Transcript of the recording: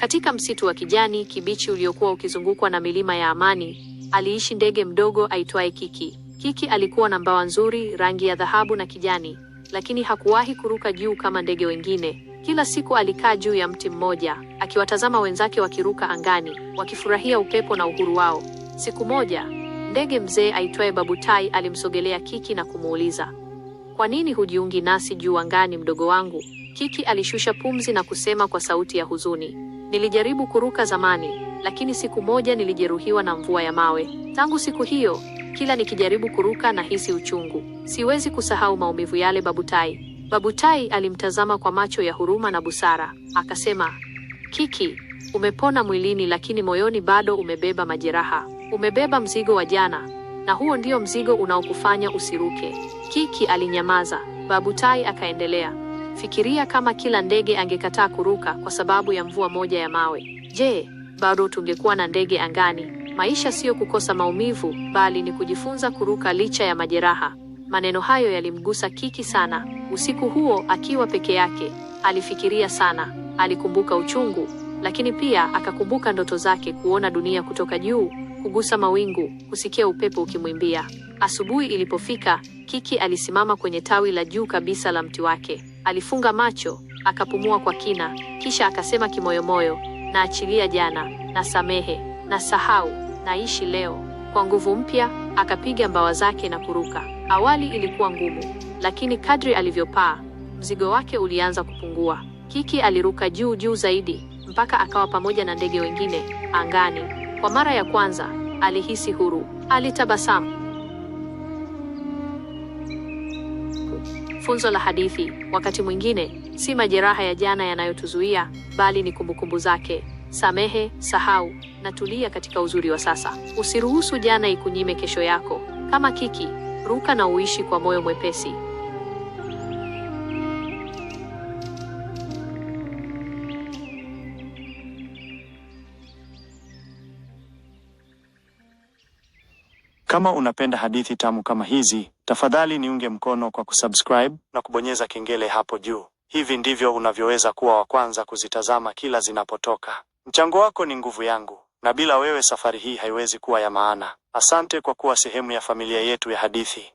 Katika msitu wa kijani kibichi uliokuwa ukizungukwa na milima ya amani, aliishi ndege mdogo aitwaye Kiki. Kiki alikuwa na mbawa nzuri, rangi ya dhahabu na kijani, lakini hakuwahi kuruka juu kama ndege wengine. Kila siku alikaa juu ya mti mmoja, akiwatazama wenzake wakiruka angani, wakifurahia upepo na uhuru wao. Siku moja, ndege mzee aitwaye Babutai alimsogelea Kiki na kumuuliza, "Kwa nini hujiungi nasi juu angani, mdogo wangu?" Kiki alishusha pumzi na kusema kwa sauti ya huzuni, Nilijaribu kuruka zamani, lakini siku moja nilijeruhiwa na mvua ya mawe. Tangu siku hiyo, kila nikijaribu kuruka nahisi uchungu. Siwezi kusahau maumivu yale. Babutai Babutai alimtazama kwa macho ya huruma na busara, akasema, Kiki, umepona mwilini, lakini moyoni bado umebeba majeraha. Umebeba mzigo wa jana, na huo ndio mzigo unaokufanya usiruke. Kiki alinyamaza. Babutai akaendelea, Fikiria kama kila ndege angekataa kuruka kwa sababu ya mvua moja ya mawe. Je, bado tungekuwa na ndege angani? Maisha siyo kukosa maumivu, bali ni kujifunza kuruka licha ya majeraha. Maneno hayo yalimgusa Kiki sana. Usiku huo akiwa peke yake, alifikiria sana. Alikumbuka uchungu, lakini pia akakumbuka ndoto zake: kuona dunia kutoka juu, kugusa mawingu, kusikia upepo ukimwimbia. Asubuhi ilipofika, Kiki alisimama kwenye tawi la juu kabisa la mti wake. Alifunga macho, akapumua kwa kina, kisha akasema kimoyomoyo, naachilia jana, na samehe na sahau, naishi leo. Kwa nguvu mpya akapiga mbawa zake na kuruka. Awali ilikuwa ngumu, lakini kadri alivyopaa, mzigo wake ulianza kupungua. Kiki aliruka juu juu zaidi mpaka akawa pamoja na ndege wengine angani. Kwa mara ya kwanza alihisi huru, alitabasamu. Funzo la hadithi: wakati mwingine si majeraha ya jana yanayotuzuia, bali ni kumbukumbu zake. Samehe, sahau na tulia katika uzuri wa sasa. Usiruhusu jana ikunyime kesho yako. Kama kiki, ruka na uishi kwa moyo mwepesi. Kama unapenda hadithi tamu kama hizi Tafadhali niunge mkono kwa kusubscribe na kubonyeza kengele hapo juu. Hivi ndivyo unavyoweza kuwa wa kwanza kuzitazama kila zinapotoka. Mchango wako ni nguvu yangu, na bila wewe safari hii haiwezi kuwa ya maana. Asante kwa kuwa sehemu ya familia yetu ya hadithi.